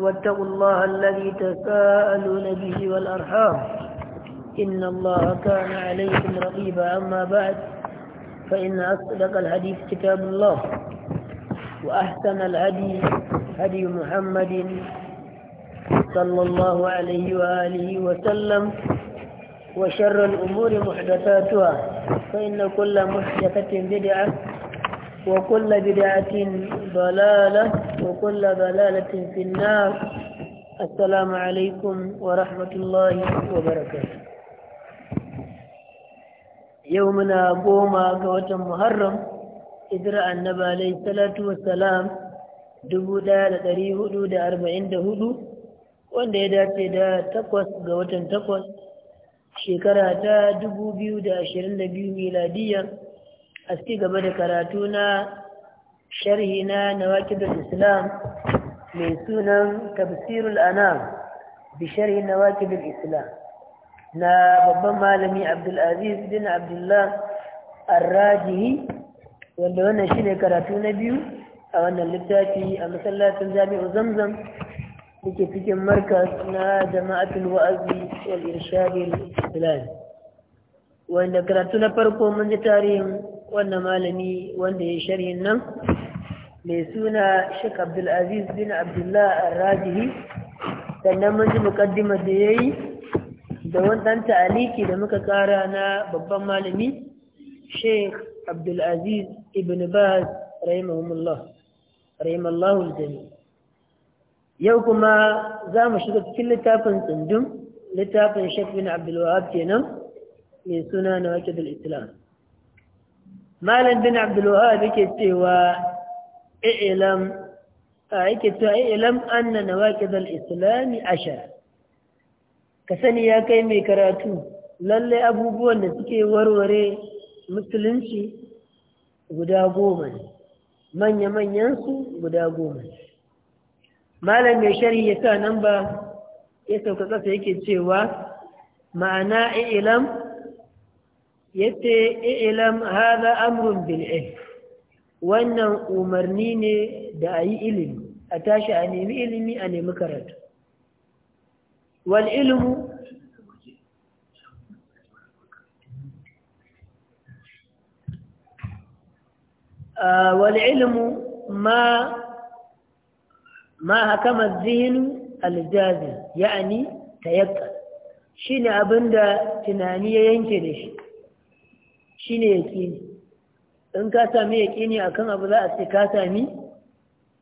واتقوا الله الذي تساءلون به والأرحام إن الله كان عليكم رقيبا أما بعد فإن أصدق الحديث كتاب الله وأحسن الهدي هدي محمد صلى الله عليه وآله وسلم وشر الأمور محدثاتها فإن كل محدثة بدعة وكل بدعة ضلالة وكل ضلالة في النار السلام عليكم ورحمة الله وبركاته يومنا قوما قوة محرم إدراء النبى عليه الصلاة والسلام دبودا لتريه حدود أربعين دهدو wanda ya dace da takwas ga watan takwas shekara ta 2022 miladiyya a ci gaba da karatu na sharhi na nawakidul islam mai sunan tafsirul anam bi sharhi nawakidul islam na babban malami abdulaziz bin abdullah rajihi wanda wannan shine karatu na biyu a wannan littafi a masallacin jami'u zamzam yake cikin markas na jama'atul wa'azi wal irshadi islam wanda karatu na farko mun ji tarihin wannan malami wanda ya sharhin nan mai suna Sheikh Abdul Aziz bin Abdullah Ar-Rajihi sannan mun ji mukaddimar da yayi da wannan ta'aliki da muka kara na babban malami Sheikh Abdul Aziz Ibn Baz rahimahullah rahimallahu al-jami yau kuma za mu shiga cikin littafin tsundum littafin Sheikh bin Abdul Wahab kenan mai suna na wakil Islam malam bin abdulwahab ke cewa ilam yake cewa ilam anna nawaqid zal islami ashar ka ya kai mai karatu lallai abubuwan da suke warware musulunci guda goma manya-manyan guda goma malam mai sharhi ya sa nan ba ya sauka kasa yake cewa ma'ana ilm yace ilam hada amrun bil ilm wannan umarni ne da ayi ilimi a tashi a nemi ilimi a nemi karatu wal ilmu wal ilmu ma ma hakama zihnu al jazim yani tayakka shine abinda tunani ya yanke da shi shine yaqini in ka sami a akan abu za a ce ka sami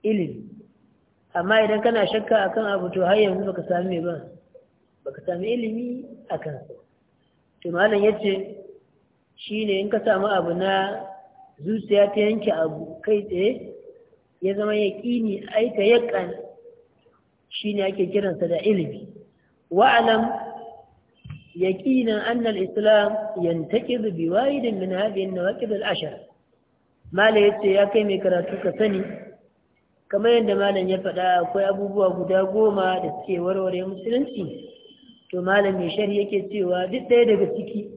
ilimi amma idan kana shakka akan abu to har yanzu ka sami ba ba ka sami ilimi a kan? to malam yace ne in ka samu abu na zuciya ta yanke abu kai tsaye ya zama yaqini aika ta shi ne ake kiransa da ilimi wa'alam يقينا أن الإسلام ينتكذ بوايد من هذه النواكذ العشر ما لا يتسي أكي مكراتوك ثاني كما يندما لن يفعل أكوي أبو بوا قدا قوما لسكي ورور مسلمتي to ya shari yake cewa duk ɗaya daga ciki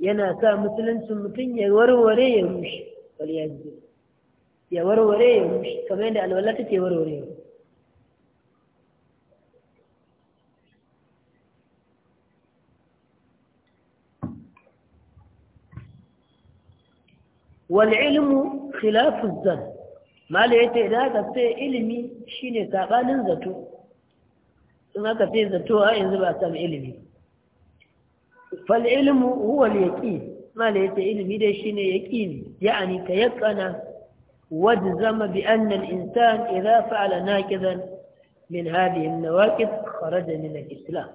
yana sa musuluncin mutum ya warware ya rushe ya warware ya rushe kamar yadda alwala take warware wal ilmu khilafu zan mala yace idan aka ce ilimi shine sabanin zato in aka ce zato a yanzu ba san ilimi fal ilmu huwa al yaqin mala yace ilimi dai shine yaqini yani ka yakana wajzama bi anna al insan idha fa'ala naqidan min hadhihi an nawaqid kharaja min al islam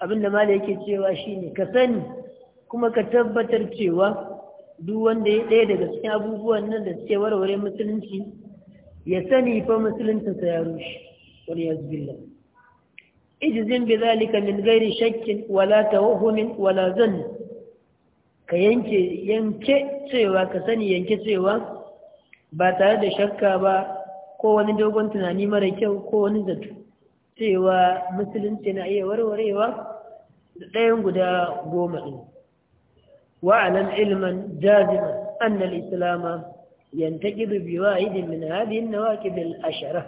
abinda mala yake cewa shine ka sani kuma ka tabbatar cewa duk wanda ya ɗaya daga cikin abubuwan nan da suke warware musulunci ya sani fa sa ya rushe wani ya iji zin bi zalika min gairi shakkin wala wahumin wala zan ka yanke yanke cewa ka sani yanke cewa ba tare da shakka ba ko wani dogon tunani mara kyau ko wani zato cewa musulunci na iya warwarewa da ɗayan guda goma ɗin واعلم علما جازما أن الإسلام ينتقض بواحد من هذه النواكب الأشرة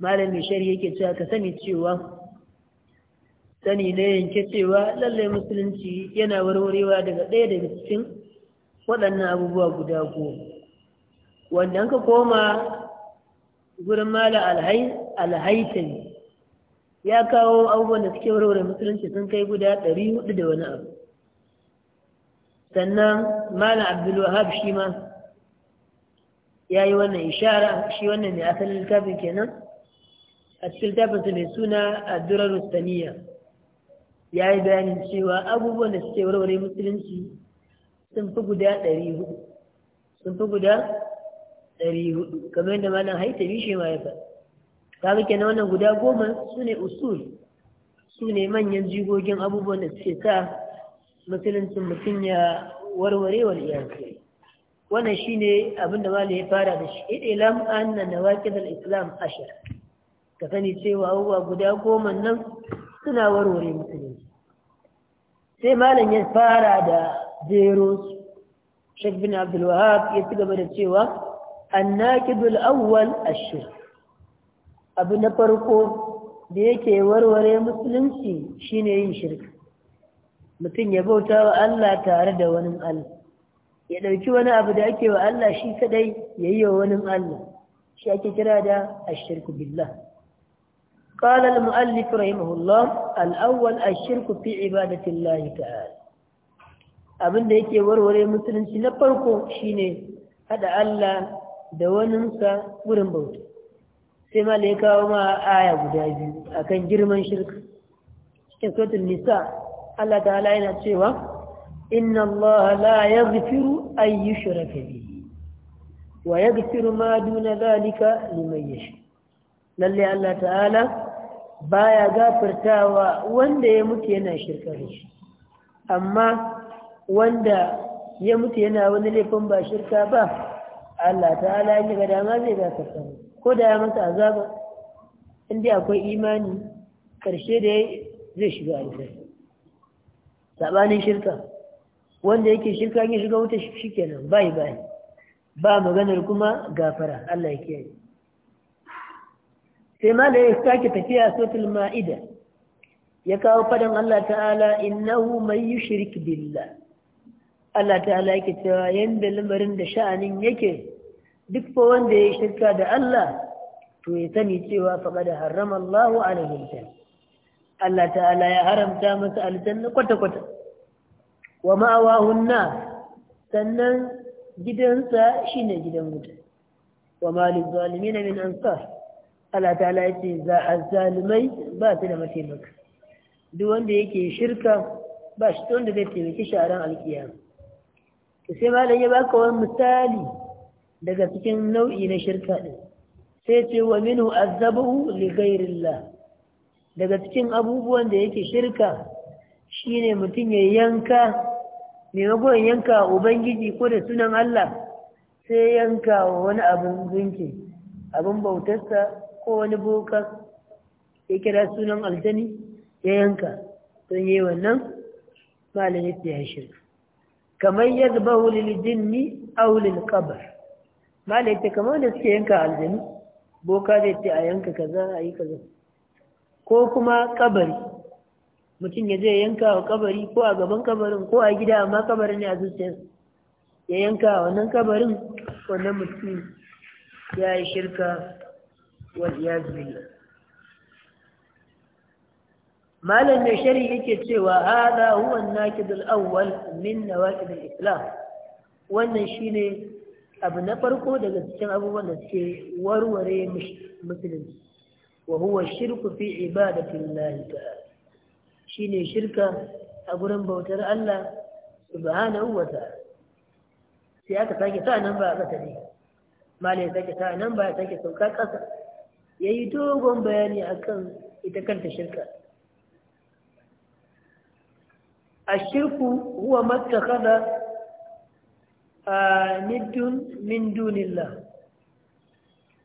ما لم يشري كتاك سني تشوى سني نين كتشيوا للي مسلمتي ينا وروري وادغ ديدا بسكين ودن أبو باب داكو وأنك قوما يقول ما لا ya kawo abubuwan da suke warware musulunci sun سنكي guda 400 da wani sannan malam abdulwahab shi ma ya yi wannan ishara shi wannan mai asalin littafin kenan a cikin littafinsa mai suna a durar rustaniya ya yi bayanin cewa abubuwan da suke warware musulunci sun fi guda ɗari hudu sun fi guda ɗari hudu kamar yadda malam haitari shi ma ya faɗi kaga kenan wannan guda goma su ne usul su ne manyan jigogin abubuwan da suke sa musuluncin mutum ya warware wal wannan shine abin da wale ya fara da shi ilam anna na al-islam ashir ka sani cewa abubuwa guda goma nan suna warware musulunci sai malam ya fara da zero Sheikh bin abdulwahab ya ci gaba da cewa bil awwal ashir abu na farko da yake warware musulunci shine yin shirka mutum ya bauta wa Allah tare da wani Allah ya ɗauki wani abu da ake wa Allah shi kadai ya yi wa wani Allah shi ake kira da ashirku billah قال المؤلف رحمه الله الأول الشرك في عبادة الله تعالى abin da yake warware musulunci na farko shine hada Allah da waninsa wurin bauta sai ma ya kawo ma aya guda biyu akan girman shirka cikin suratul nisa Allah ta'ala yana cewa inna Allah la yaghfiru an yushraka bihi wa yaghfiru ma duna zalika liman yasha lalle Allah ta'ala baya gafartawa wanda ya mutu yana shirka da shi amma wanda ya mutu yana wani laifin ba shirka ba Allah ta'ala ya ga dama zai gafarta ko da ya masa azaba inda akwai imani karshe da zai shiga aljanna sabanin shirka wanda yake shirka ya shiga wuta shi kenan bai bai ba maganar kuma gafara Allah ya kiyaye sai ma da ya sake tafiya sotul ma'ida ya kawo fadan Allah ta'ala innahu man yushrik billah Allah ta'ala yake cewa yanda lamarin da sha'anin yake duk fa wanda ya shirka da Allah to ya sani cewa faqad harrama Allahu alaihi Allah ta'ala ya haramta masa aljanna kwata kwata wa ma'awahun na sannan gidansa shi ne gidan wuta wa malin zalimi na min ansar Allah ta ya ce za a zalimai ba su da mataimaka duk wanda yake shirka ba shi da zai taimaki sharan alkiya Ta sai malam ya baka wani misali daga cikin nau'i na shirka ɗin. sai ce wa minu azabahu li daga cikin abubuwan da yake shirka shine mutum ya yanka maimakon yanka ubangiji ko da sunan Allah sai yanka wani abin gunki abin bautarsa ko wani boka ya kira sunan aljani ya yanka don yi wannan malamin ya shi kamar wuli lijin ni a aulil kabar malamin ta kamar da suke yanka aljani boka zai ce a yanka kaza a yi kaza ko kuma kabari mutum ya zai yanka wa kabari ko a gaban kabarin ko a gida amma kabarin ne a zuciyar ya yanka wannan kabarin wannan mutum ya yi shirka wa iyazu malam mai shari yake cewa hada huwa nakid al-awwal min nawaqid al-islam wannan shine abu na farko daga cikin abubuwan da suke warware musulunci wa huwa shirku fi ibadati Allah ta'ala ne shirka a gurin bautar Allah subhanahu wa ta'ala sai aka sake sa nan ba a ƙasa ne malai ya sake sa nan ba ya sake sauka ƙasa ya yi dogon bayani akan ita kanta shirka a shirku huwa matakada ند من دون الله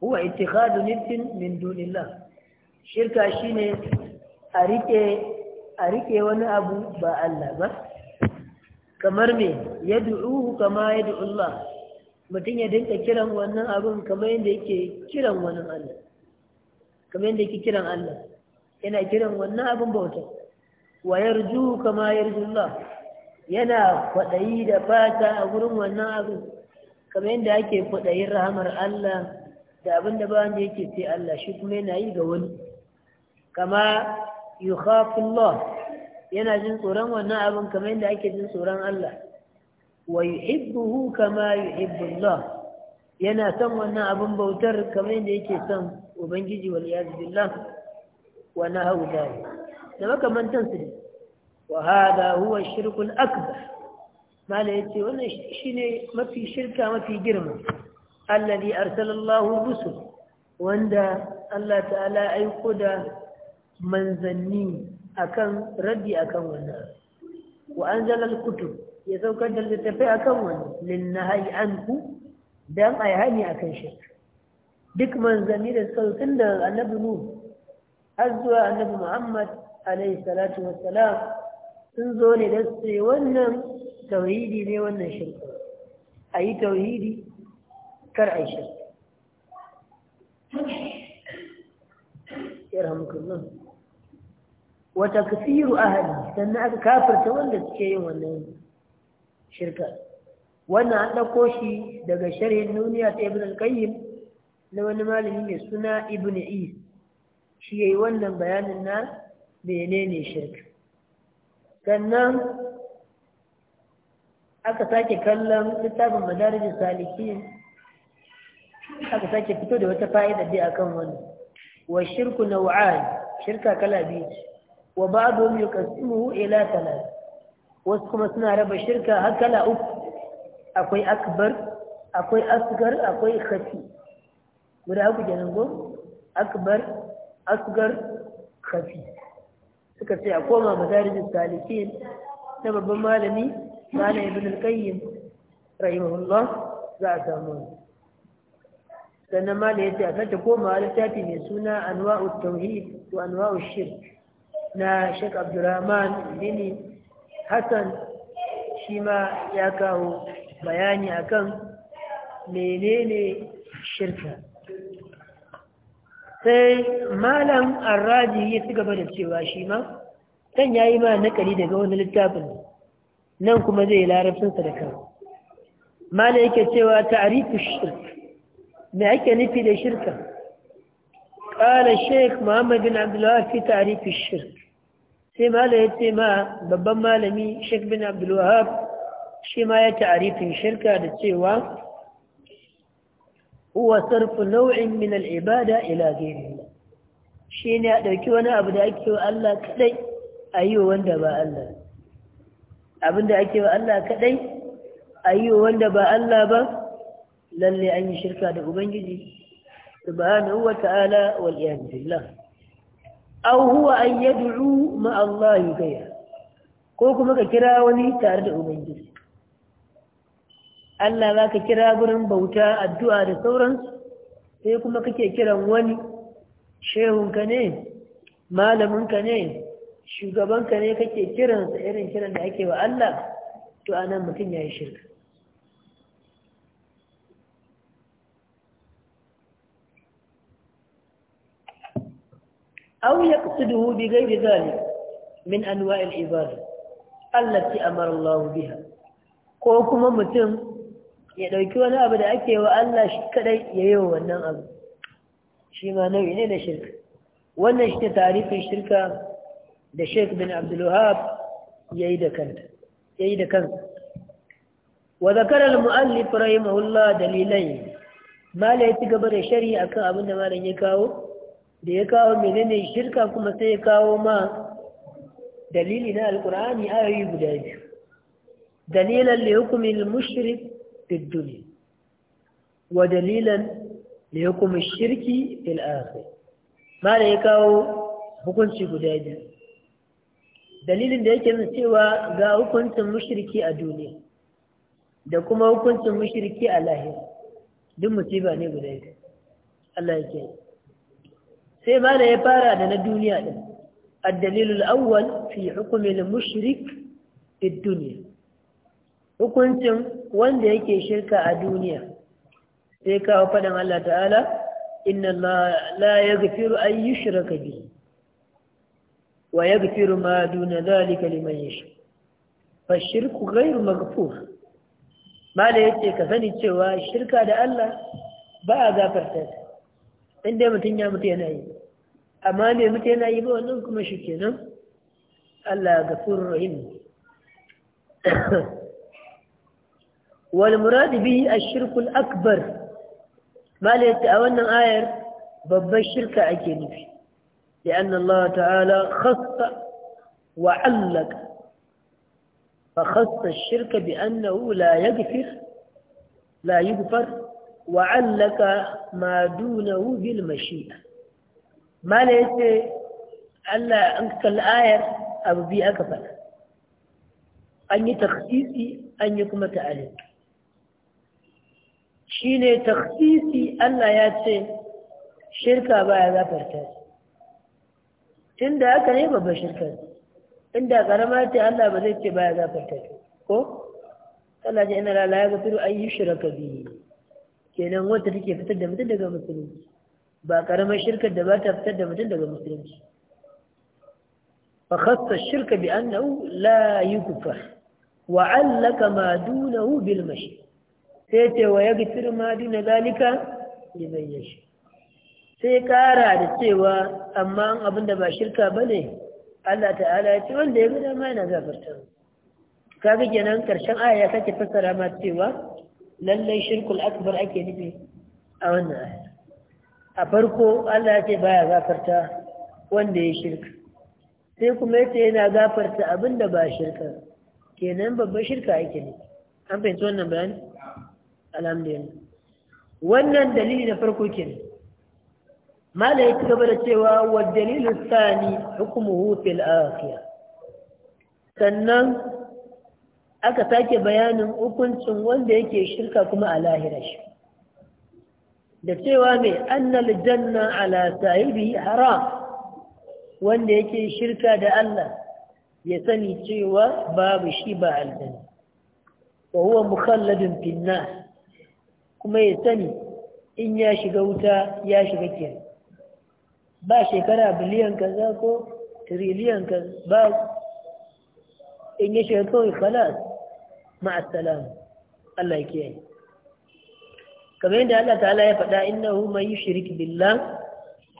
هو اتخاذ ند من دون Shirka shine a rike a rike wani abu ba Allah ba kamar me ya du'uhu kama ya du'ullah mutum ya dinka kiran wannan abun kamar yadda yake kiran wannan Allah kamar yadda yake kiran Allah yana kiran wannan abun bauta wa yarjuhu kama yarjullah yana kwaɗayi da fata a gurin wannan abin. kamar yadda ake kwaɗayin rahamar Allah da abin da ba wanda yake sai Allah shi kuma yana yi ga wani kama yukhafullah yana jin tsoron wannan abin kamar yadda ake jin tsoron Allah wa yuhibbuhu kama yuhibbullah yana son wannan abin bautar kamar yadda yake son ubangiji wal iyaz billah wa nahu dalik da makamantan su wa hada huwa ash-shirku al-akbar mala yace wannan shine mafi shirka mafi girma alladhi arsalallahu rusul wanda Allah ta'ala aiko da manzanni akan raddi akan wannan wa anzala al-kutub ya saukar da littafai akan wannan lin nahyi anhu dan ayi akan shirka duk manzanni da suka tun da annabi mu azwa annabi muhammad alayhi salatu wassalam sun zo ne da su wannan tauhidi ne wannan shirka a yi tauhidi kar a yi shirka wa takfiru ahli sannan aka kafirta wanda suke yin wannan shirka wannan an ɗauko shi daga sharhin duniya ta ibn al-qayyim na wani malami mai suna ibn is shi yayi wannan bayanin na menene shirka sannan aka sake kallon littafin madarijin salikin aka sake fito da wata fa'ida dai akan wannan wa shirku nau'an shirka kala biyu wa ba ba'dhum yuqsimuhu ila thalath wasu kuma suna raba shirka har kala uku akwai akbar akwai asgar akwai khafi guda uku kenan go akbar asgar khafi suka ce a koma madarijin salikin na babban malami ba na al-qayyim rahimahullah za a samu sannan mala yace a sace koma littafi mai suna anwa'ut tauhid wa anwa'ush shirk na Sheikh Abdulrahman Dini Hassan shi ma ya kawo bayani akan menene shirka sai malam arraji ya ci gaba da cewa shi ma kan ya yi ma nakali daga wani littafin nan kuma zai larabcinsa da kan malam yake cewa ta'arifu shirka me ake nufi da shirka قال الشيخ محمد بن عبد الله في تعريف الشرك sai mala ya ce ma babban malami sheikh bin abdulwahab shi ma ya ta'arifin shirka da cewa huwa sarfu nau'in min al'ibada ila ghairihi shi ne a ɗauki wani abu da ake wa Allah kaɗai a yi wa wanda ba Allah abin da ake wa Allah kaɗai a yi wanda ba Allah ba lalle an yi shirka da ubangiji subhanahu wa ta'ala wal iyadu aw huwa an yad'u ma ko kuma ka kira wani tare da ubangiji Allah za ka kira gurin bauta addu'a da sauransu sai kuma kake kiran wani shehunka ne malaminka ne shugabanka ne kake kiransa irin kiran da ake wa Allah to anan mutum ya yi shirka أو يقصده بغير ذلك من أنواع العبادة التي أمر الله بها قوكم متم يدوكي وانا أبدا أكي وأن لا وألا شكرا ييو وانا أبدا شما نوعي لنا شرك وانا اشت تعريف الشركة ده شيخ بن عبد الوهاب يأيد كانت يأيد كانت وذكر المؤلف رحمه الله دليلين ما لا يتقبر شريعة كأبن ما لن يكاوه da ya kawo menene shirka kuma sai ya kawo ma dalili na alkur'ani ayoyi guda biyu dalilan li hukumin mushrik fid duniya, wa dalilan ya hukumin shirki il'afi ma da ya kawo hukunci guda biyu dalilin da yake nuna cewa ga hukuncin mushriki a duniya da kuma hukuncin mushriki a lahira duk musiba ne guda biyu Allah ya kiyaye sai ma ya fara da na duniya ɗin, a addalilul awwal fi hukumin mushrik a duniya. hukuncin wanda yake shirka a duniya sai kawo faɗin Allah ta'ala inna la gafiru an yushraka bi wa ya gafiru ma duna zalika liman shi fa shirku ghayru maghfur mala yace ka sani cewa shirka da Allah ba a gafarta inda mutum ya mutu yana yi amma bai mutu yana yi ba wannan kuma shi kenan Allah gafur rahim wal murad bihi ash-shirk al-akbar malaka a wannan ayar babbar shirka ake nufi لأن الله تعالى خص وعلق فخص الشرك بأنه لا يغفر لا يغفر وعلق ما دونه بالمشيئة mala ya ce Allah an kalli ayar abu biyu aka faɗa an yi takhsisi an yi kuma ta'alif shi ne takhsisi Allah ya ce shirka baya zafarta tun da aka ne babban shirka inda karama ce Allah ba zai ce baya zafarta ko? Allah ce ina lalaye ga firu an yi shirka biyu kenan wata take fitar da mutum daga musulunci ba karamar shirka da ba ta fitar da mutum daga musulunci fa khassa shirka bi annahu la yukfar wa allaka ma dunahu bil mashi sai ce wa yaghfir ma duna zalika liman yashi sai kara da cewa amma abinda ba shirka bane Allah ta'ala ya ce wanda ya gada ma yana gafarta kaga kenan karshen aya ya sake fassara ma cewa lallai shirkul akbar ake nufi a wannan aya a farko Allah ya ce baya gafarta wanda ya shirka sai kuma yace yana gafarta abinda ba shirka kenan babban shirka yake ne an fahimci wannan bayani alhamdulillah wannan dalili na farko kenan mala ya ci gaba da cewa wa dalilu tsani hukumuhu fil akhirah sannan aka sake bayanin hukuncin wanda yake shirka kuma a lahira shi da cewa mai annal janna ala sahibi haram wanda yake shirka da Allah ya sani cewa babu shi ba aljanna wa huwa mukhalladun finna kuma ya sani in ya shiga wuta ya shiga kenan ba shekara biliyan kaza ko tiriliyan kaza ba in ya shiga kawai khalas ma'a salama. Allah ya kiyaye kamar yadda Allah ta'ala ya faɗa innahu man yushrik billah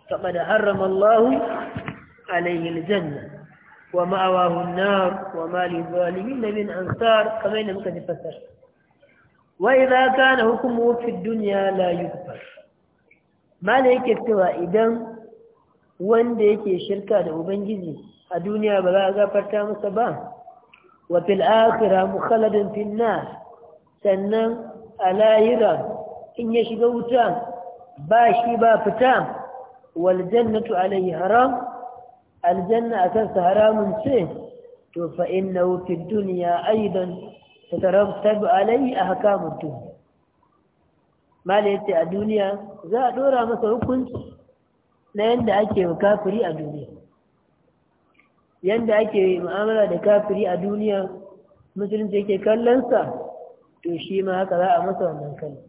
faqad harrama Allah alayhi aljanna wa ma'awahu an-nar wa ma lil-zalimin min ansar kamar yadda muka fassara wa idza kana hukmuhu fi dunya la yukfar mala yake cewa idan wanda yake shirka da ubangiji a duniya ba za a gafarta masa ba wa fil akhirah mukhalladun fin nar sannan a lahira in ya shiga wuta ba shi ba fita wal jannatu alayhi haram aljanna akan sa haramun ce to fa innahu fid dunya aidan tatarattab alayhi ahkamud dunya mala yace a duniya za a dora masa hukunci na yanda ake kafiri a duniya yanda ake mu'amala da kafiri a duniya musulunci yake kallon sa to shi ma haka za a masa wannan kallon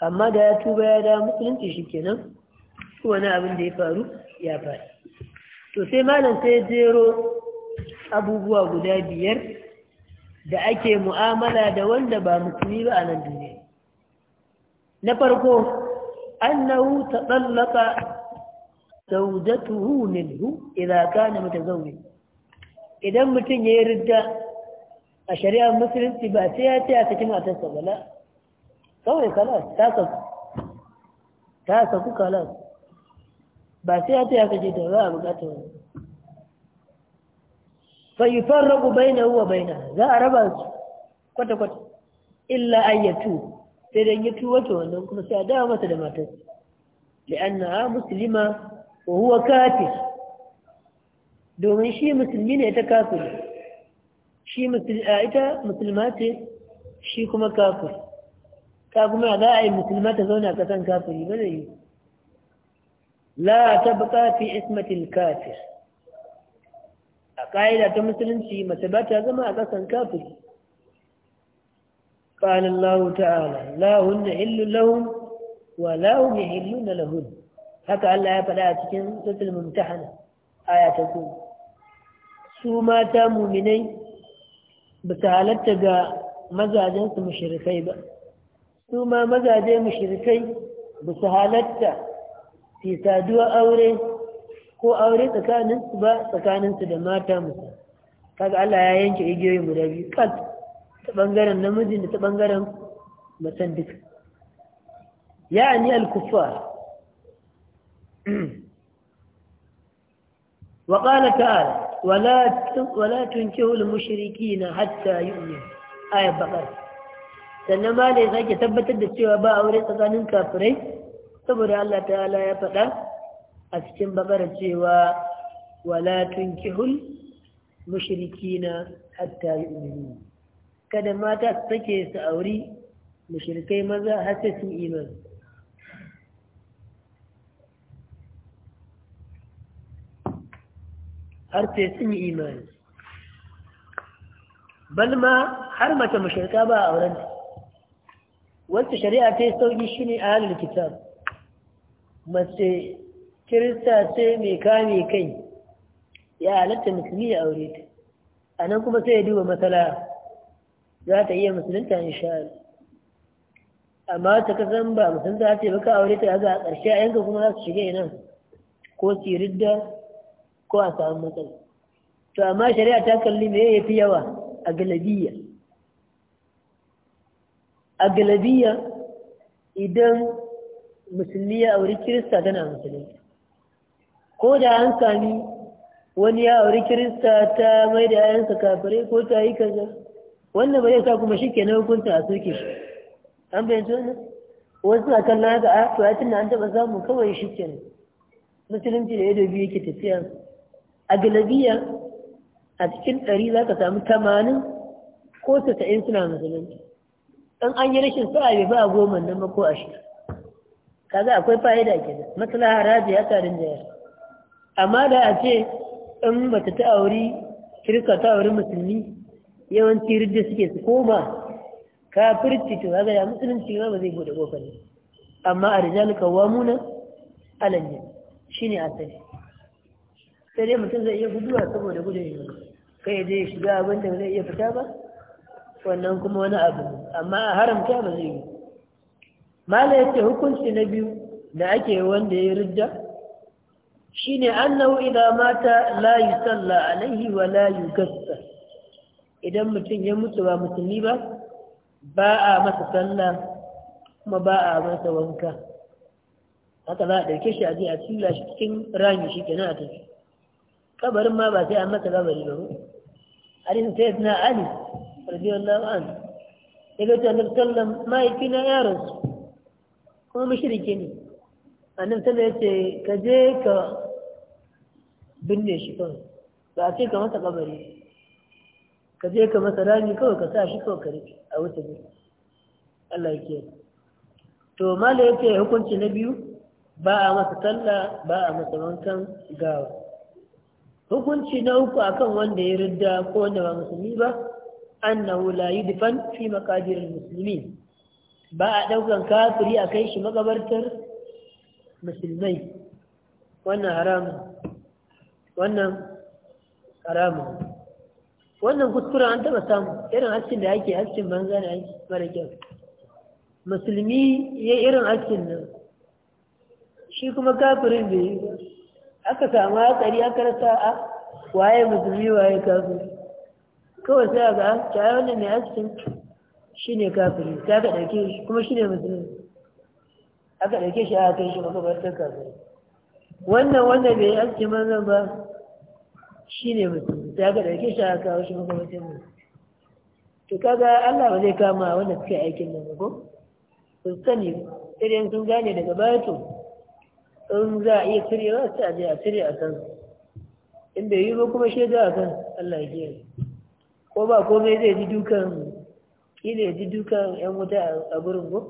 amma da ya tuba ya da musulunci shi kenan wani abin da ya faru ya faru to sai malam sai jero abubuwa guda biyar da ake mu'amala da wanda ba musulmi ba a nan duniya na farko annahu taɗallaka zaujatuhu minhu idza kana mutazawwij idan mutum ya yi ridda a shari'ar musulunci ba sai ya ce a cikin matarsa bala kawai kalas ta sauku ta saku kalas ba sai ya taya kaje da za a bukata wani fayyufan ragu baina huwa baina za a raba su kwata-kwata illa ayyatu sai don yi tuwata wannan kuma sai a dawa masa da matar li'anna musulima ko huwa kafir domin shi musulmi ne ta kafir shi ita musulma ce shi kuma kafir ka kuma za a yi musulma ta zauna kasan kafiri ba zai yi la tabqa fi ismatin kafir a ƙa'ida ta musulunci mace ba ta zama a ƙasan kafiri ta'ala, الله na illu هن wa لهم ولا illu na لهن haka Allah ya faɗa a cikin suratul mumtahana aya ta ko su mata muminai ba ta halatta ga mazajen su mushrikai ba su ma mazaje mushrikai ba su halatta fi saduwa aure ko aure tsakaninsu ba tsakaninsu da mata musa kaga Allah ya yanke mu guda biyu kal ta bangaren namiji da ta bangaren matan duka ya'ani al kufar wa qala ta'ala wala wala tunkihu al-mushrikeena hatta yu'minu ayat baqara sannan ma da ya sake tabbatar da cewa ba aure tsakanin kafirai saboda Allah ta'ala ya faɗa a cikin bakar cewa wala tunkihul mushrikina hatta yu'minu kada mata su take su auri mushrikai maza har sai sun imani har sai sun yi imani balma har mace mushrika ba a aurenta wanda shari'a ta yi sauƙi shi ne a halin kitab mace kirista ce mai kame kai ya halatta musulmi ya aure ta a nan kuma sai ya duba matsala za ta iya musulunta in sha'ar amma ta kasan ba musulunta ce baka aure ta ga a ƙarshe a yanka kuma za su shiga nan ko siridda ko a samu matsala to amma shari'a ta kalli mai ya fi yawa a galabiyya a galabiya idan musulmi ya auri kirista tana musulmi ko da an sami wani ya auri kirista ta mai da ayansa kafirai ko ta yi kaza wannan bai sa kuma shi ke na hukunta a soke shi an bayyanta wannan wasu a kan naga a ah, to yatin an taɓa samu kawai shi ke musulunci da ido biyu yake tafiya a galabiya a cikin ɗari za ka samu tamanin ko tasa'in suna musulunci in an yi rashin sa'a bai ba goma nan ba ko ashirin kaga akwai fa'ida da maslaha tarin da rinjaya amma da a ce in bata ta auri kirka ta auri musulmi yawanci rijda suke su koma kafirci to kaga ya musulunci ma ba zai bude kofar ne amma a rijal kawamuna ne shine asali sai dai mutum zai iya guduwa saboda gudun kai zai shiga abin da zai iya fita ba wannan kuma wani abu amma a haramta ba zai yi mala ya ce hukunci na biyu da ake wanda ya ridda shi ne annahu idan mata la yi salla alaihi wa la gasta idan mutum ya mutu ba musulmi ba ba a masa salla kuma ba a masa wanka haka za a ɗauke shi a je a cilla shi cikin rami shi kenan a tafi kabarin ma ba sai an masa gabari ba hadisin sayyidina ali radiyallahu anhu daga ta annabi sallam mahaifina ya rasu kuma mushrike ne annabi sallam ya ce ka je ka binne shi kawai ba a ce ka masa kabari ka je ka masa rami kawai ka sa shi kawai ka rufe a wuce ne Allah ya kiyaye to mala ya ce hukunci na biyu ba a masa talla ba a masa wankan gawa hukunci na uku akan wanda ya ridda ko wanda ba musulmi ba annahu la yudfan fi maqabir almuslimin ba a daukan kafiri a kai shi makabartar musulmai wannan haramun wannan haramun wannan kuskuren an taba samu irin askin da ake askin banza ne ake mara kyau musulmi ya irin askin nan shi kuma kafirin bai yi aka samu hatsari aka rasa a waye musulmi waye kafiri kawai sai ga cewa wannan mai askin shi ne kafiri ta aka ɗauke shi kuma shi ne musulmi aka ɗauke shi a kai shi makabartar kafiri wannan wanda bai aski manzan ba shi ne musulmi ta aka ɗauke shi a kawo shi makabartar musulmi to kaga Allah ba zai kama wanda suke aikin nan ko su sani irin sun gane daga baya to in za a iya cirewa sai a je a cire a kan in bai yi ba kuma shaida a kan Allah ya ji ko ba komai zai ji dukan kila ji dukan yan wuta a gurin ko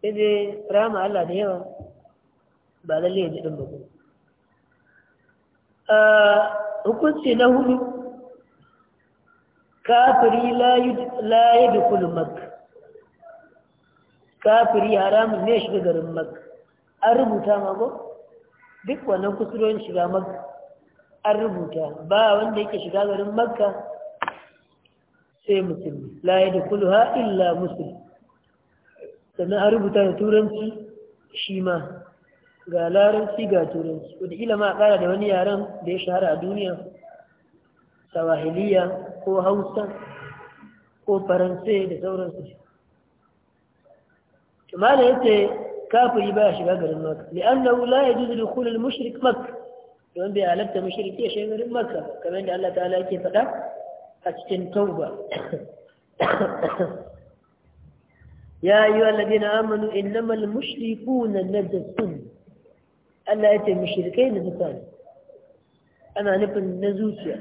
sai dai rama Allah da yawa ba lalle ya ji ɗin ba ko hukunci na hudu kafiri la yi dukulu makka kafiri haramun ne shiga garin makka an rubuta ma mago duk wannan kusuron shiga makka an rubuta ba wanda yake shiga garin makka sai musulmi la yadkhuluha illa musulmi sannan a rubuta da turanci shi ma ga larabci ga turanci wadda ilama a kara da wani yaren da ya shahara a duniya sawahiliya ko hausa ko faransai da sauransu kuma da ce kafiri ba ya shiga garin maka li'annahu la yajuzu dukhul al-mushrik makka don bai halatta mushrike shi garin makka kamar da Allah ta'ala yake faɗa أجتم توبة يا أيها الذين آمنوا إنما المشركون نزلتم ألا أتي المشركين نزلتم أنا نقل نزوت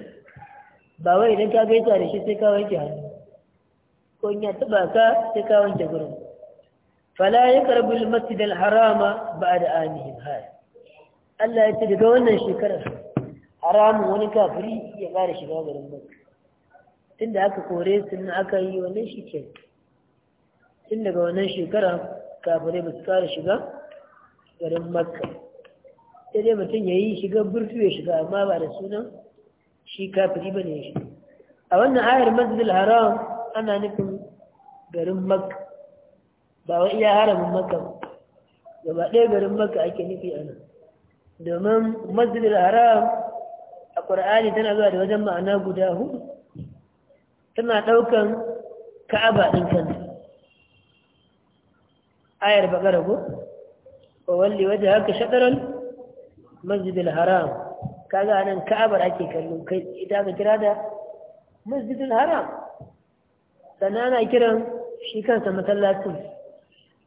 باوي لن كاكي تاري شي سيكاوي جهان كون يتباكا سيكاوي جهان فلا يقرب المسجد الحرام بعد آنهم هاي ألا أتي دون شكرا حرام ونكافري يغارش غابر المسجد tunda aka kore su na aka yi wannan shi ke tun daga wannan shekara kafirai ba su kara shiga garin makka sai dai mutum ya yi shiga burfi ya shiga amma ba da sunan shi kafiri ba ne ya shiga a wannan ayar masjidil haram ana nufin garin makka ba wa iya haramin makka gaba ɗaya garin makka ake nufi a nan domin masjidil haram a ƙwar'ani tana zuwa da wajen ma'ana guda hudu tana ɗaukan ka'aba ɗin kanta ayar bakara ko wa walli waje haka shataral masjidil haram kaga nan ka'abar ake kallon kai ita ga kira da masjidil haram sannan ana kiran shi kansa masallacin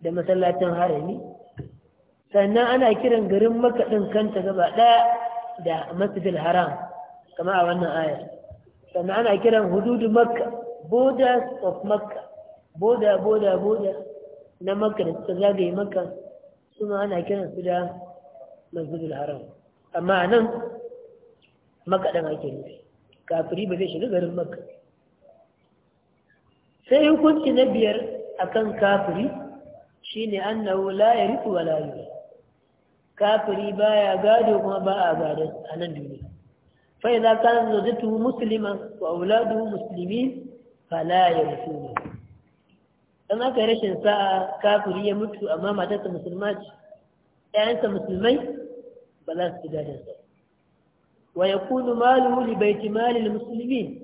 da masallacin harami sannan ana kiran garin makaɗin kanta gaba ɗaya da masjidil haram kama a wannan ayar sannan ana kiran hududu makka borders of makka boda boda boda na makka da suka zagaye makka suna ana kiran su da masjidul haram amma nan makka ɗan ake nufi kafiri ba zai shiga garin makka sai hukunci na biyar akan kafiri shine annahu la wa wala yurith kafiri baya gado kuma ba a gado a nan duniya فإذا كانت زوجته مسلمة وأولاده مسلمين فلا يرثونه dan aka yi rashin sa'a kafiri ya mutu amma matarsa musulma ce ‘ya'yansa musulmai ba za su gadon sa wa ya kunu maluhu li baiti malil musulmin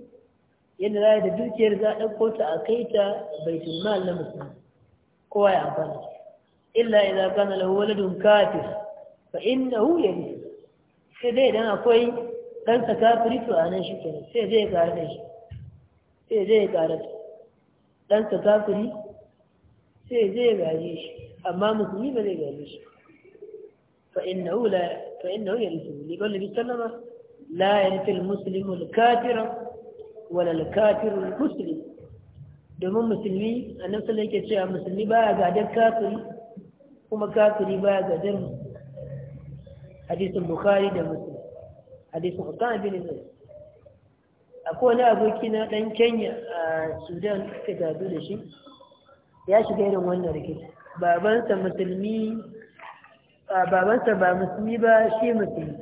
yadda za da dukiyar za a ɗauko ta a kai ta bai baitin mal na musulmi kowa ya amfana illa idan kana lahu waladun kafir fa innahu ne. sai dai idan akwai ɗansa kafiri to a nan shi ke sai zai ƙara da shi sai zai ƙara da ɗansa kafiri sai zai gaje shi amma musulmi ba zai gaje shi فإنه لا فإنه يرثه لقول النبي صلى الله عليه وسلم لا musulmi المسلم الكافر ولا al المسلم domin musulmi a nan sun yake cewa musulmi ba ya gadar kafiri kuma kafiri ba ya gadar hadisun bukari da musulmi hadisin Usman bin Zaid akwai wani aboki na dan Kenya a Sudan suka gado da shi ya shiga irin wannan rikici babansa musulmi babansa ba musulmi ba shi musulmi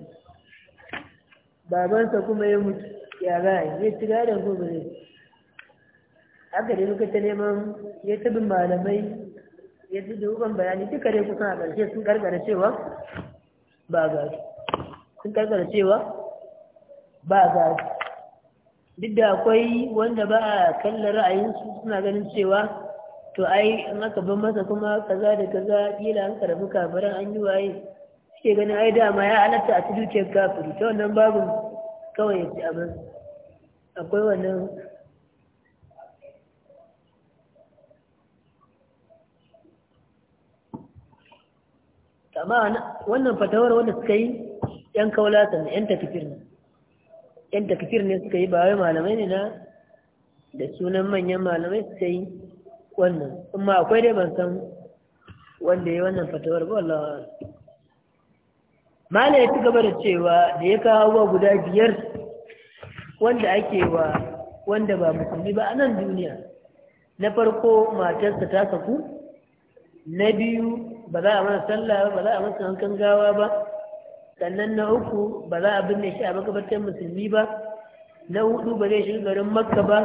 babansa kuma ya mutu ya ra'ayi ya ci gadon gobe ne haka dai muka ta neman ya tabi malamai ya ji duban bayani duka dai kusan a ƙarshe sun karkara cewa ba ga sun karkara cewa ba su duk da akwai wanda ba a kalla ra'ayinsu suna ganin cewa to ai in aka ban masa kuma kaza da kaza kila an karbi kafiran an yi waye suke ganin ai dama ya halatta a ci dukiyar kafiri ta wannan babu kawai ya ci abin akwai wannan amma wannan fatawar wanda suka yi yan kaulata ne yan tafi firin yan takfir ne suka yi ba wai malamai ne na da sunan manyan malamai suka yi wannan amma akwai dai ban san wanda ya yi wannan fatawar ba wallawa mala ya fi gaba da cewa da ya kawo wa guda biyar wanda ake wa wanda ba musulmi ba a nan duniya na farko matarsa ta saku na biyu ba za a mana sallah ba za a masa hankan gawa ba sannan na uku ba za a binne shi a makabartar musulmi ba na hudu ba zai shiga garin makka ba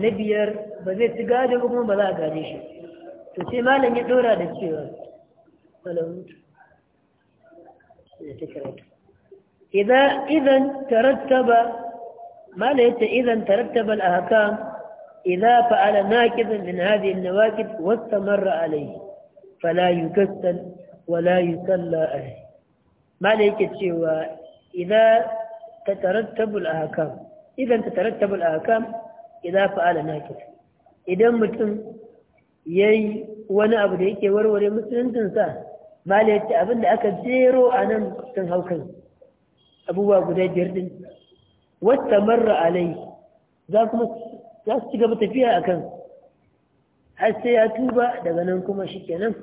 na biyar ba zai ci gado kuma ba za a gane shi to sai malam ya dora da cewa إذا إذا ترتب ما idan إذا ترتب الأحكام إذا فعل ناكذا من هذه النواكذ واستمر عليه فلا يكسل ولا يسلى عليه mala yake cewa idan ta tarattabul ahkam idan ta tarattabul ahkam idan fa'ala nakir idan mutum yayi wani abu da yake warware musuluncinsa mala yace abin da aka jero a nan sun haukan abubuwa guda biyar din wata marra alai za kuma za su ci gaba tafiya akan har sai ya tuba daga nan kuma shikenan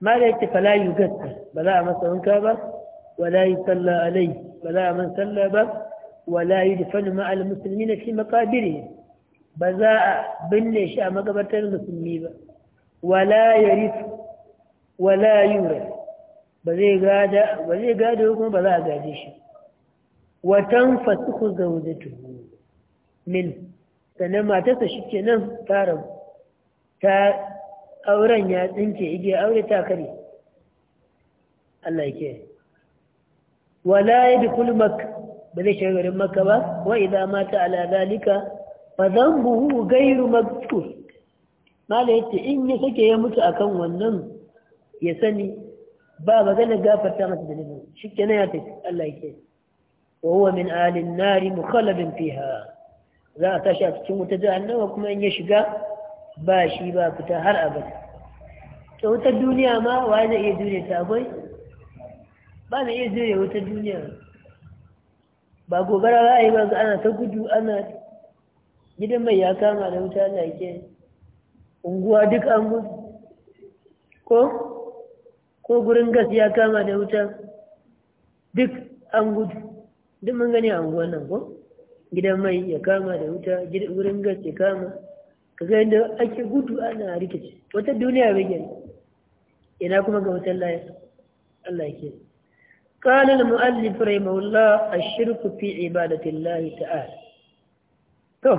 ما ليك فلا يكثر بلا من سنك با ولا يصلى عليه بلا من صلى به ولا يدفن مع المسلمين في مقابرهم بزاء بالنشاء شاء مقبرة المسلمين با ولا يرث ولا يورث بزي غادا بزي غادا يكون بلا غادي وتنفسخ زوجته منه sannan matarsa shi kenan auren ya tsinke igiya aure ta kare Allah ya ke wala yadkhul makka ba zai shiga garin makka ba wa idza mata ala zalika fa buhu gairu maghfur mala yace in ya sake ya mutu akan wannan ya sani ba ba magana gafarta masa da nabi shikenan ya tafi Allah ya wa huwa min alin nari mukhalladin fiha za a tashi a cikin wuta jahannama kuma in ya shiga ba shi ba fita har abada ta wutar duniya ma wa zai iya jure ta akwai ba na iya jure wutar duniya ba gobara ba a yi ba ana ta gudu ana gidan mai ya kama da wuta na ke unguwa duk an gudu ko ko gurin gas ya kama da wuta duk an gudu duk mun gani a unguwan nan ko gidan mai ya kama da wuta gurin gas ya kama kaga yadda ake gudu ana rikici wata duniya rage ina kuma ga wutar layi? Allah ke قال المؤلف a الله fi في عبادة الله تعالى to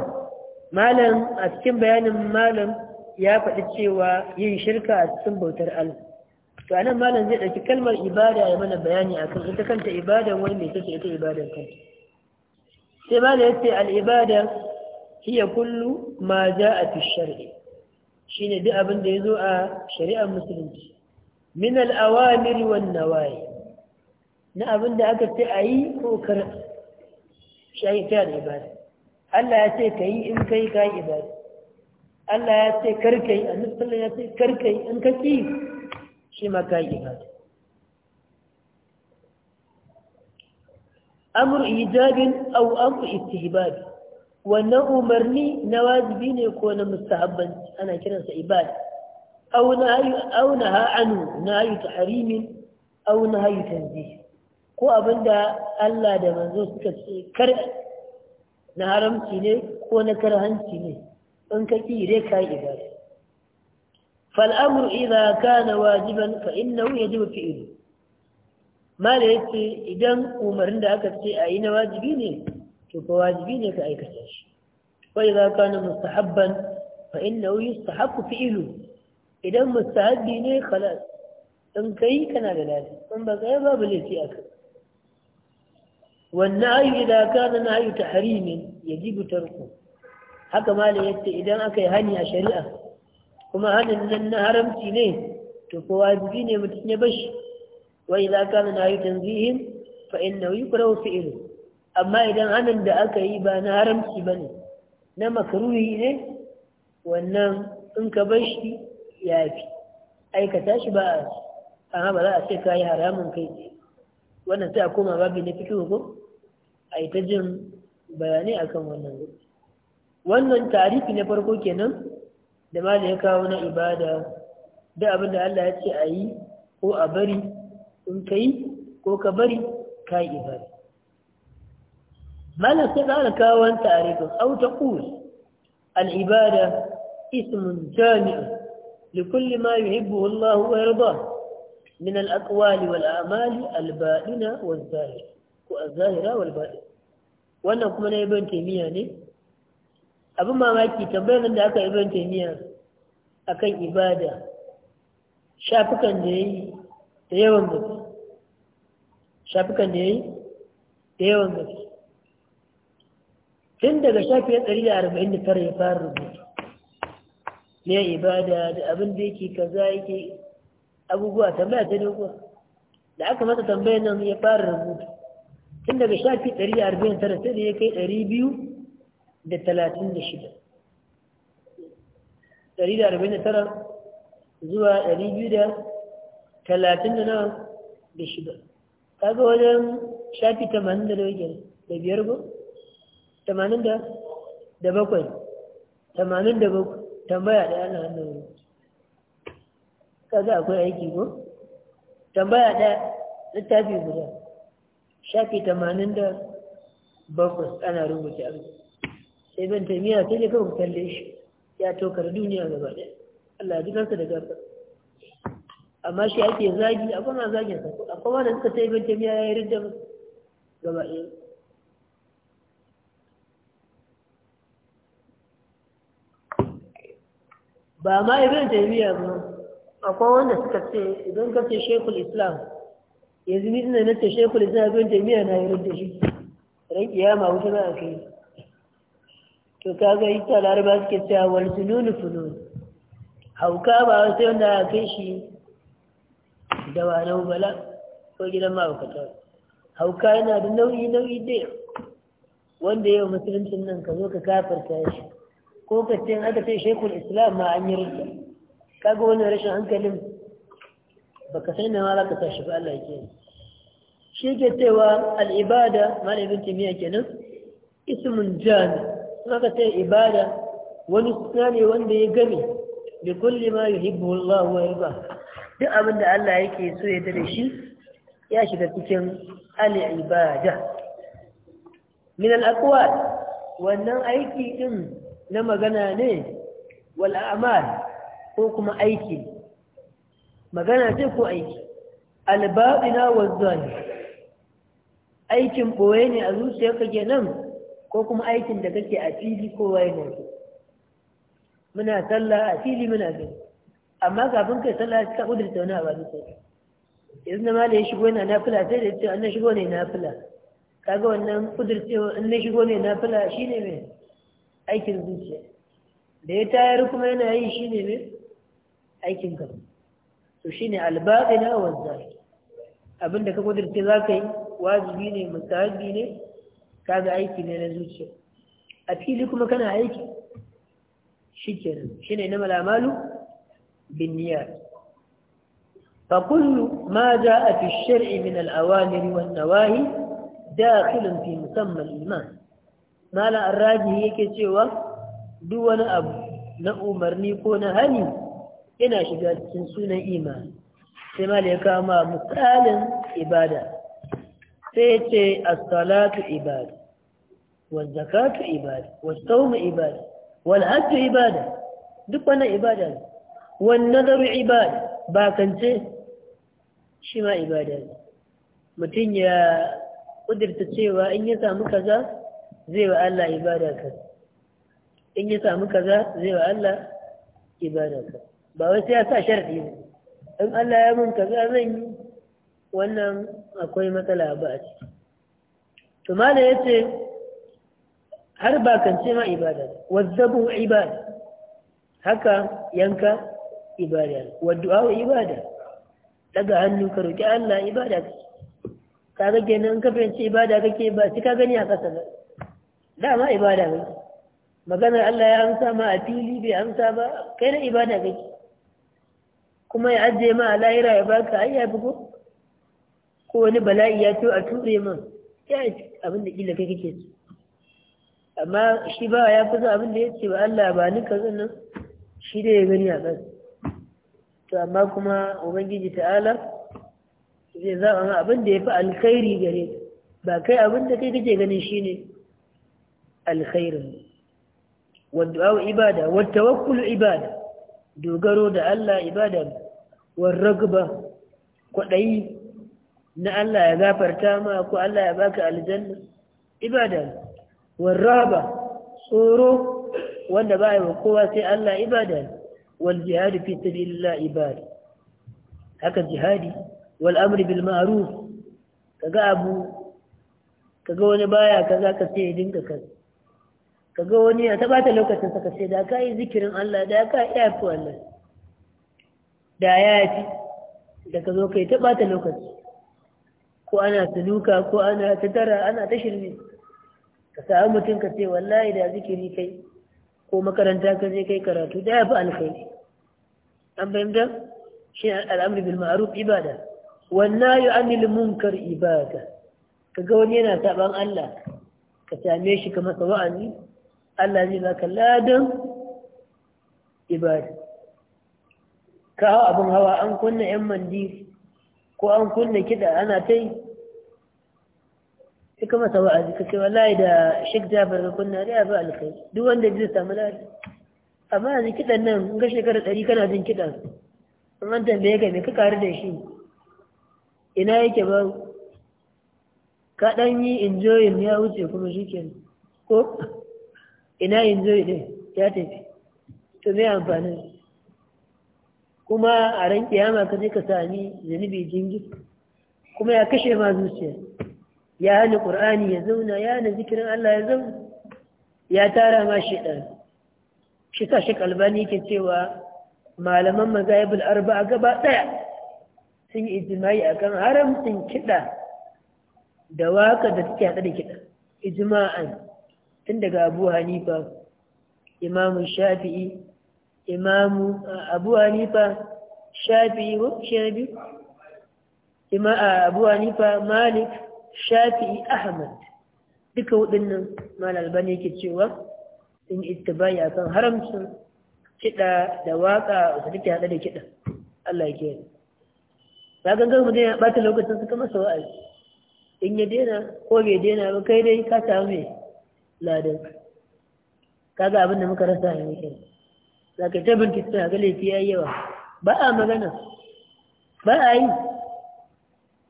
malam a cikin bayanin malam ya faɗi cewa yin shirka a cikin bautar Allah to anan malam zai ɗauki kalmar ibada ya mana bayani a kan ita kanta ibada wani mai take ita ibadan kanta sai malam ya ce al'ibada. hiya kullu ma ja'a fi shar'i shine duk abin da yazo a shari'ar musulunci min al-awamir wan nawahi na abin da aka ce ayi ko kar shi ta da ibada Allah ya ce kai in kai yi ibada Allah ya ce kar kai annabi ya ce kar kai in ka ki shi ma kai ibada amru ijabin aw amru istihbab wannan umarni na wajibi ne ko na mustahabbanci ana kiransa ibada aw nahyu aw naha anhu nahyu tahrimin aw nahyu tanzih ko abinda Allah da manzo suka ce kar na haramci ne ko na karhanci ne in ka ki dai kai ibada fal amru idha kana wajiban fa innahu yajibu fi'lu mala yace idan umarin da aka ce ayi na wajibi ne فواجبين في أي كتاش وإذا كان مستحبا فإنه يستحق فعله إذا مستعد إليه خلاص إن كي كان على ذلك من بقى باب الذي أكل والنعي إذا كان نعي تحريم يجب تركه حكى ما لي إذا أكي هني أشريعة وما هني لأن هرمت إليه تفواجبين متنبش وإذا كان نعي تنزيه فإنه يكره فعله amma idan hannun da aka yi ba na haramci ba ne na makaruhi ne wannan in ka bar shi ya fi aikata shi ba a amma ba za a ce ka yi haramun kai ne wannan sai a koma babu na fito ko a yi ta jin bayanai akan wannan wannan tarihi na farko kenan da ma da ya kawo na ibada da abin da Allah ya ce a yi ko a bari in ka yi ko ka bari ka yi ibada malam sai ka kawo wani tarihin au ta ƙus al'ibada ismun jami'u لكل ما يحبه الله ويرضاه من الأقوال والأعمال البائنة والظاهرة الظاهرة والبائنة wannan kuma na ibn taymiya ne abin mamaki tambayar da aka ibn taymiya akan ibada shafukan da yayi da da yawan gaske tun daga shafi da arba'in da tara ya fara rubutu ne ibada da abin da yake kaza yake abubuwa tambaya ta dogo da aka masa tambayar nan ya fara rubutu tun daga shafi da arba'in tara, sai da ya kai biyu da da da talatin shida. arba'in da tara zuwa biyu da da da talatin nawa shida kaga wajen shafi tamanin da da biyar ba. tamanin da da bakwai tamanin da bakwai tambaya ɗaya na hannun za kaga akwai aiki ko tambaya ɗaya littafi guda shafi tamanin da bakwai ana rubuta abu sai ban taimiyya ta ne kawai kalle shi ya tokar duniya gaba ɗaya Allah ya ji kansa da gafa amma shi ake zagi akwai na zagin sa akwai wanda suka sai ban taimiyya ya yi ridda gaba ɗaya ba ma ibn taymiya ba akwai wanda suka ce idan ka ce shekul islam yanzu ni ina nace shekul islam ibn taymiya na yi rudda shi ran kiyama wuta za a kai to kaga ita laraba suke cewa wal sununu funun hauka ba sai wanda a kai shi da walau bala ko gidan ma'aikata hauka yana da nau'i nau'i dai. wanda yau musuluncin nan ka zo ka kafarta shi ko ka ce aka ce shekul islam ma an yi rinta kaga wani rashin hankalin baka sai na ma za ka tashi ba Allah ke shi ke cewa al'ibada malamin timiya kenan ismun jami Kuma ka ce ibada wani suna ne wanda ya gami da kulli ma yi hibbu Allah wa yarda duk abin da Allah yake so ya da shi ya shiga cikin al'ibada min al'aqwal wannan aiki din na magana ne wal a'mal ko kuma aiki magana ce ko aiki albabina wazzani aikin boye ne a ke nan, ko kuma aikin da kake a fili ko waye ne muna sallah a fili muna gani amma kafin kai sallah ta kudurta wani abu ne sai yanzu ma da ya shigo yana nafila sai da ce an shigo ne nafila kaga wannan kudurcewa in na shigo ne nafila shine mai aikin zuciya da ya tayar kuma yana yi shi ne mai aikin gaba to shi ne albaɗina wanzari abinda ka kudurce za ka yi wajibi ne mustahabi ne ka ga aiki ne na zuciya a fili kuma kana aiki shi kenan shi ne na malamalu bin za a fi جاء min الشرع من wahi, da داخل fi musamman iman. mala arraji yake cewa duk wani abu na umarni ko na hani yana shiga cikin sunan imani sai mala ya kama misalin ibada sai ya ce as-salatu ibada wa zakatu ibada wa sawmu ibada wal hajju ibada duk wannan ibada ne wan nadaru ibada ba kance shi ma ibada ne mutum ya kudirta cewa in ya samu kaza zai wa Allah ibada ka in ya samu kaza zai wa Allah ibada ka ba wai sai ya sa sharadi ne in Allah ya mun kaza zan yi wannan akwai matsala ba a ciki to ya yace har ba kance ma ibada wazzabu ibada haka yanka ibada waddu'a ibada daga hannu ka roki Allah ibada ka ga kenan ka fahimci ibada kake ba shi ka gani a kasa ba dama ibada ne maganar Allah ya amsa ma a fili bai amsa ba kai na ibada kake kuma ya ajiye ma a lahira ya baka ai ya bugo ko wani bala'i ya ce a ture man ya ce abin da kila kai kake so amma shi ba ya fi abin da ya ce ba Allah ba ni zan nan shi da ya gani a kan to amma kuma ubangiji ta'ala zai ma abin da ya fi alkhairi gare ba kai abin da kai kake ganin shi ne. alkhairin wadda ibada wadda wakulu ibada dogaro da Allah ibada warragba kwaɗayi na Allah ya gafarta ma ko Allah ya baka aljanna ibada warraba tsoro wanda ba wa kowa sai Allah ibada wal jihadu fi sabilillah ibada haka jihadi wal amri bil ma'ruf kaga abu kaga wani baya kaza ka sai dinka kaza ka ga wani ya ta lokacin saka sai da ka yi zikirin Allah da ka yi fi Allah! da ya fi da ka zo ka yi ta lokaci ko ana suluka ko ana tara ana ta shirme ka sa'a mutum ka ce wallahi da zikiri kai ko makaranta ka je kai karatu da ya fi alkhairi an fahimta shi al'amri bil ma'aruf ibada wannan yu'amil munkar ibada ga wani yana saban Allah ka same shi kamar sawa'ani Allah zai baka ladan ibada ka hau abin hawa an kunna yan mandiri ko an kunna kiɗa ana ta yi sai ka masa wa'azi ka ce wallahi da shek jafar ga kunna da ya fi alkai duk wanda zai samu ladan amma yanzu kidan nan ga shekarar ɗari kana jin kiɗan an tambaye ka me ka karu da shi ina yake ba ka ɗan yi injoyin ya wuce kuma shi ko ina yin zo ya tafi to mai amfani kuma a ran kiyama ka ka sami zunubi jingi kuma ya kashe ma zuciya ya hana ƙur'ani ya zauna ya hana zikirin Allah ya zauna ya tara ma ɗan shi ta shi kalbani ke cewa malaman arba arba'a gaba ɗaya sun yi ijimai akan haramcin kiɗa da waka da suke haɗe da kiɗa ijima'an tun daga abu hanifa imamu shafi'i imamu uh, abu hanifa shafi'i ko shi biyu ima uh, abu hanifa malik shafi'i ahmad duka waɗannan malalbani ke cewa in ittibari a kan haramcin kiɗa da waƙa wasu take haɗe da kiɗa Allah ya kiyaye ba gangan mu daina ɓata lokacin suka masa wa'azi in ya dena ko bai dena ba kai dai ka samu mai ladin kaga abin da muka rasa ne kenan zaka ta bincike ga laifi yayi yawa ba a magana ba a yi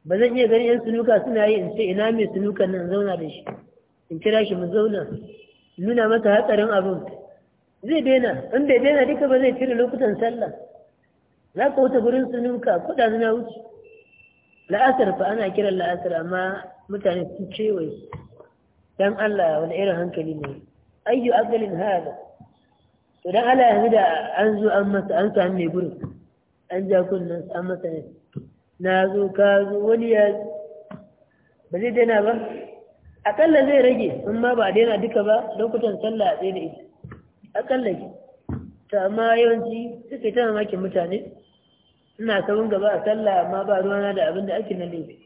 ba zan iya ganin 'yan sunuka suna yi in ce ina mai sunukan nan zauna da shi in kira shi mu zauna nuna masa hatsarin abin zai daina in bai daina duka ba zai cire lokutan sallah za ka wuce gurin sunuka kuɗa na wuce la'asar fa ana kiran la'asar amma mutane sun cewaye dan Allah wani irin hankali ne ayyu aqlin hada to dan Allah ya da an zo an masa an samu mai gurin an ja kunnan an masa ne na zo ka zo wani ya ba zai daina ba akalla zai rage in ma ba daina duka ba lokutan sallah a tsaye da ita akalla ki ta amma yawanci suke ta mamakin mutane ina sabon gaba a sallah amma ba ruwana da abin da ake na lebe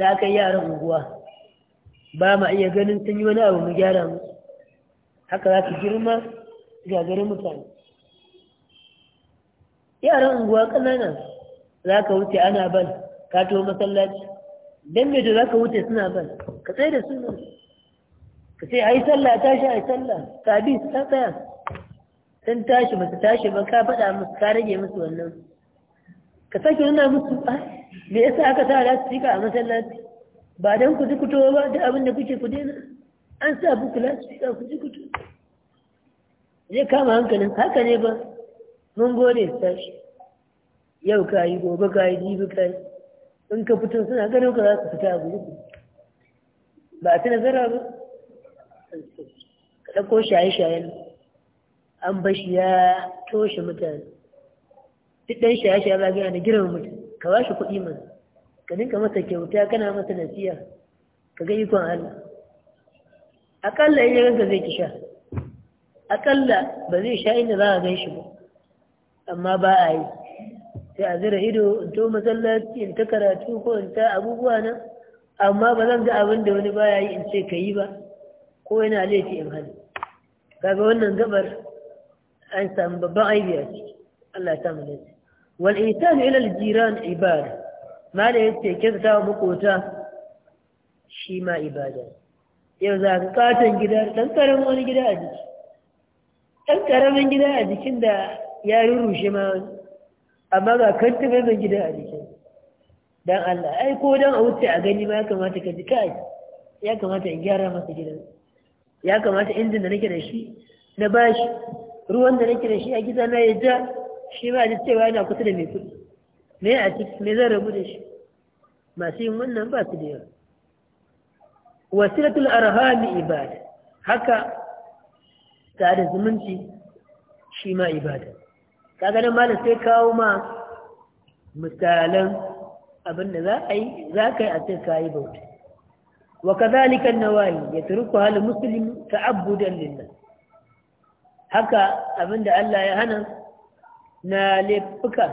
ta kai yaran unguwa ba ma iya ganin sun yi wani abu mu gyara musu haka za su girma gagarin mutane yaran unguwa ƙanana za ka wuce ana ban ka to masallaci don me da za ka wuce suna ban ka tsaye da suna ka ce a yi sallah tashi a yi sallah ka bi su ta tsaya sun tashi ba su tashi ba ka faɗa musu ka rage musu wannan ka sake nuna musu ba ah, me yasa aka sa lasifika a masallaci ba don ku zikuto ba da abin da kuke ku daina an sa buku lasifika ku zikuto zai kama hankalin haka ne ba mun gode tashi yau ka yi gobe ka yi jibi ka yi in ka fito suna ganin ka za su fita a guji ba a ci nazara ba ka ɗauko shaye-shayen an bashi ya toshe mutane duk dan shaye-shaye za ga yana girma mutum ka ba shi kuɗi mai ka ninka masa kyauta kana masa nasiya ka ga ikon Allah akalla in yaganka zai ki sha akalla ba zai sha inda za a gan shi ba amma ba a yi sai a zira ido in to masallaci in ta karatu ko in ta abubuwa na amma ba zan ga abin da wani baya yi in ce ka yi ba ko yana laifi in hali kaga wannan gabar an samu babban aibiya ce Allah ya samu laifi wal ihsan ila al jiran ibada mala yace kyautata wa makota shi ma ibada yau za ka katon gida dan karamin wani gida a jiki Ɗan ƙaramin gida a jikin da ya rurushe ma wani amma ga kanta mai gida a jikin Don Allah ai ko don a wuce a gani ma ya kamata ka ji kai ya kamata in gyara masa gidan ya kamata injin da nake da shi na bashi ruwan da nake da shi a gida na ya ja shi ba ji cewa yana kusa da mai kuɗi me a ciki me zai rabu da shi masu yin wannan ba su da yawa wasilatul arhami ibada haka da zumunci shi ma ibada kaga nan malam sai kawo ma misalan abin da za a yi za ka yi a sai ka yi bauta wa kadhalika nawahi yatruku hal muslim ta'abbudan lillah haka abinda Allah ya hana na laifuka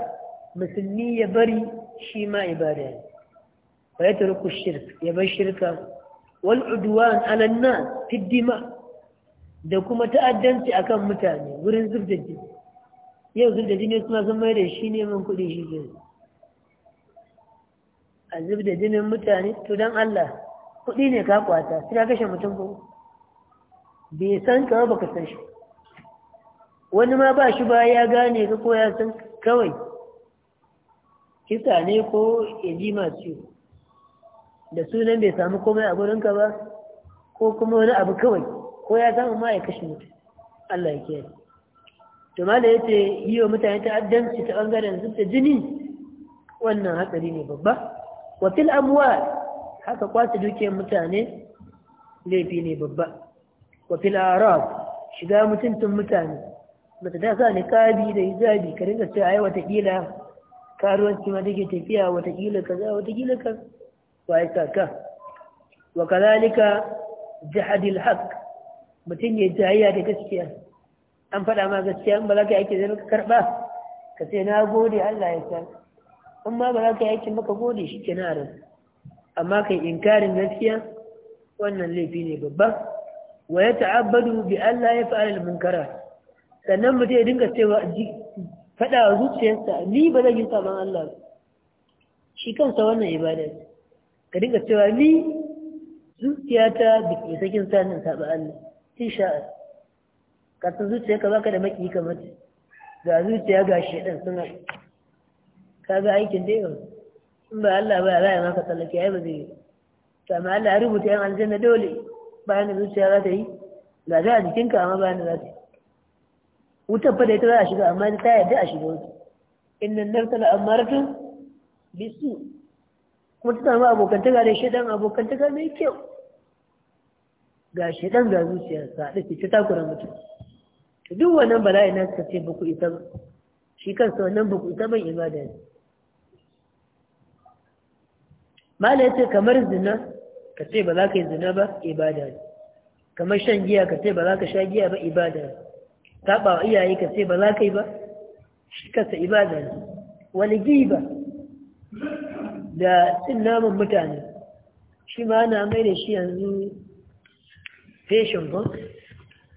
musulmi ya bari shi ma ibada ne fa ya turku shirka ya bar shirka wal udwan ala nas da kuma ta'addanci akan mutane gurin zubda jini yau zubda jini suna sun mai da shi neman kuɗi shi ke a zubda jinin mutane to don Allah kuɗi ne ka kwata sai ka kashe mutum ko bai san ka ba ka san shi wani ma ba shi ba ya gane ka ko ya san kawai kisa ne ko ya ji masu da sunan bai samu komai a gurinka ba ko kuma wani abu kawai ko ya samu ma ya kashe mutu Allah ya kiyaye to malai yace yi wa mutane ta'addanci ta bangaren ta jini wannan hatsari ne babba wa fil amwal haka kwace dukiyar mutane laifi ne babba wa fil arab shiga mutuntun mutane mace ta sa kabi da hijabi ka dinga cewa ai watakila karuwanci ma take tafiya watakila kaza watakila ka ka kaka wa kadalika jahadil haqq mutum ya jayya da gaskiya an faɗa ma gaskiya in ba za ka yi zai karba? ka ce na gode Allah ya san in ma ba za ka yi maka gode shi ke nan amma kai inkarin gaskiya wannan laifi ne babba wa ya ta'abbadu bi Allah ya fa'ala al-munkara sannan mutum ya dinga cewa faɗa zuciyarsa ni ba zan yi saman Allah ba shi kansa wannan ibada ce ka dinga cewa ni zuciyata da ke sakin sanin saba Allah in sha'a ka san zuciya ka baka da maki kamar ga zuciya ga shedan suna ka ga aikin da yau in ba Allah ba za ya maka tsallake ai ba zai yi to Allah ya rubuta yan aljanna dole bayan zuciya za ta yi ga za a jikinka amma bayan za ta yi wutar fada da ita za a shiga amma ta yadda a shiga wuta innan nar tana amaratun bisu kuma ta samu abokantaka da shaidan abokantaka mai kyau ga shaidan ga zuciya da ke ta takura mutum to duk wannan bala'i na suka ce baku isa ba shi kansa wannan baku isa ban ibada ne mala ya ce kamar zina ka ce ba za ka yi zina ba ibada ne kamar shan giya ka ce ba za ka sha giya ba ibada ne taba wa iyaye ka ce ba za ka yi ba shi kasa ibada ne wani giba da cin naman mutane shi ma ana mai da shi yanzu fashion book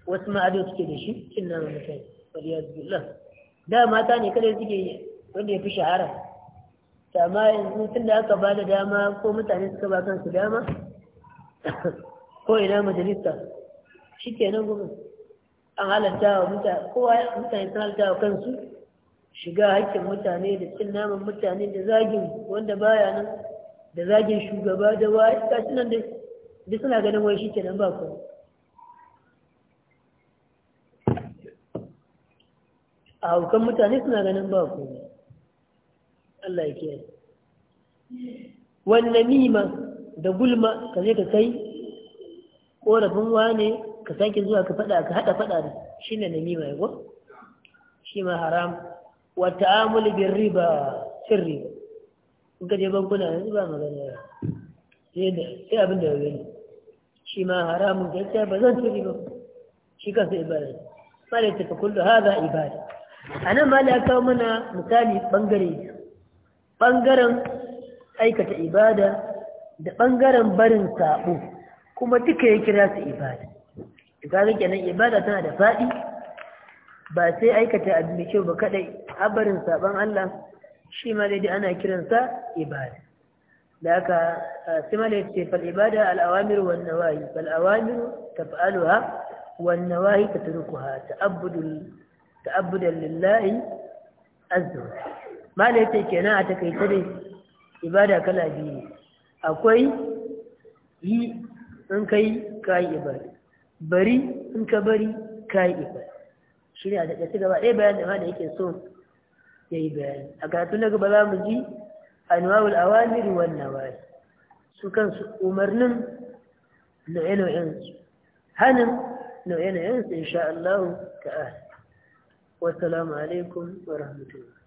wasu ma'ado suke da shi cin naman mutane waliyar lan da mata ne kada suke wanda ya fi shahara amma yanzu tun da aka ba da dama ko mutane suka ba kansu dama ko ina majalisa shi ke nan gwamnati an halatta wa mutane kowa mutane sun halatta wa kansu shiga haƙƙin mutane da cin naman mutane da zagin wanda baya nan da zagin shugaba da waye ga shi nan da suna ganin wai shi kenan ba ku a haukan mutane suna ganin ba ku Allah ya kiyaye wannan nima da gulma ka je ka kai korafin wane ka sake zuwa ka fada ka haɗa faɗa da shi ne namima ya shi ma haram wa ta'amuli bin riba cin riba in ka je bankuna ne ba magana ya sai abin da ya shi ma haramun gaskiya ba zan ci riba shi kansa ibada ma da ta kullu haza ibada a nan ma da kawo mana misali bangare bangaren aikata ibada da bangaren barin sabo kuma duka ya kira su ibada kaga kenan ibada tana da faɗi ba sai aikata abin mai kyau ba kadai abarin saban Allah shi ma dai ana kiransa ibada da haka sai ma dai ce fal ibada al awamir wan nawahi fal awamir taf'aluha ta nawahi tatrukuha ta'abbudul ta'abbudan lillahi azza ma dai ce kenan a takaita dai ibada kala biyu akwai yi in kai kai ibada bari in ka bari ka yi ifa shi ne a daga ci gaba ɗaya bayan da ma yake so ya yi bayani a karatu na gaba za mu ji anwawul awamir wan nawahi su kansu umarnin nau'e-nau'en su hanin nau'e-nau'en su insha Allah ta'ala salamu alaikum wa rahmatullah